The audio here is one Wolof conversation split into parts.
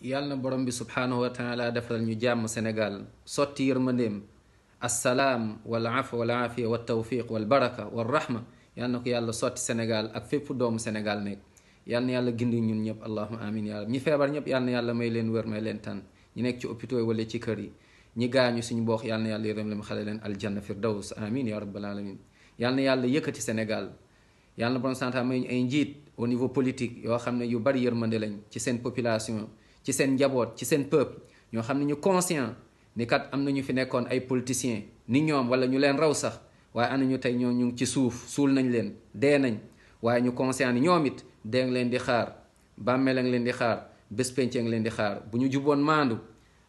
yàlla na borom bi subhaanahu wa taala defal ñu jàmm Sénégal sotti yërmandeem assalaam wal afa wal aafiya wa tawfiq wal baraka wal rahma yàlla na ko yàlla sotti Sénégal ak fépp doomu Sénégal nekk yàlla yàlla gindi ñun ñëpp allahuma amin ya rab ñi feebar ñëpp yàlla yàlla may leen wér may leen tan ñi nekk ci hôpitaux yi wala ci kër yi ñi gaañu suñu boox yàlla yàlla yërëm leen xale leen aljanna firdaws amin ya rabbal alamin yàlla na yëkkati Sénégal yàlla na borom santa may ñu ay njiit au niveau politique yoo xam ne yu bari yërmande lañ ci seen population ci seen njaboot ci seen peuple ñoo xam ne ñu conscient ni kat am na ñu fi nekkoon ay politiciens ni ñoom wala ñu leen raw sax waaye na ñu tey ñoo ñu ngi ci suuf suul nañ leen dee nañ waaye ñu conscient ni ñoom it dee nga leen di xaar bàmmeel a ngi leen di xaar bés penc a leen di xaar bu ñu juboon maandu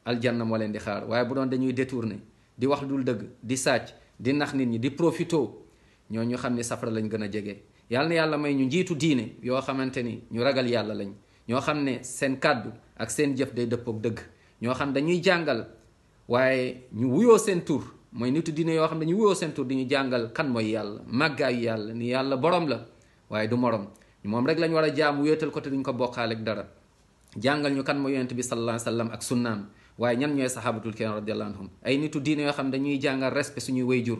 aljanna moo leen di xaar waaye bu doon dañuy détourné di wax dul dëgg di sàcc di nax nit ñi di profito ñoo ñu xam ne safara lañ gën a jege yàlla yàlla may ñu njiitu diine yoo xamante ni ñu ragal yàlla lañ ñoo xam ne seen kàddu ak seen jëf day dëppook dëgg ñoo xam dañuy jàngal waaye ñu wuyoo seen tur mooy nitu diine yoo xam ne ñu wuyoo seen tur jàngal kan mooy yàlla màggaayu yàlla ni yàlla borom la waaye du morom moom rek lañ war a jaam wéetal ko te ko bokkaale ak dara jàngal ñu mooy yonent bi sallallahu alayhi wa sallam ak sunnaam waaye ñan ñooy sahabatul kiram radiyallahu anhum ay nitu diine yoo xam dañuy jàngal respect suñuy wayjur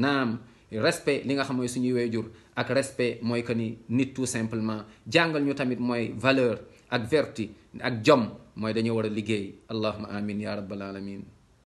naam respe li nga xam mooy weey jur ak respe mooy que ni nit tout simplement jàngal ñu tamit mooy valeur ak vertu ak jom mooy dañoo war a liggéey allahuma amin ya rabbal alamin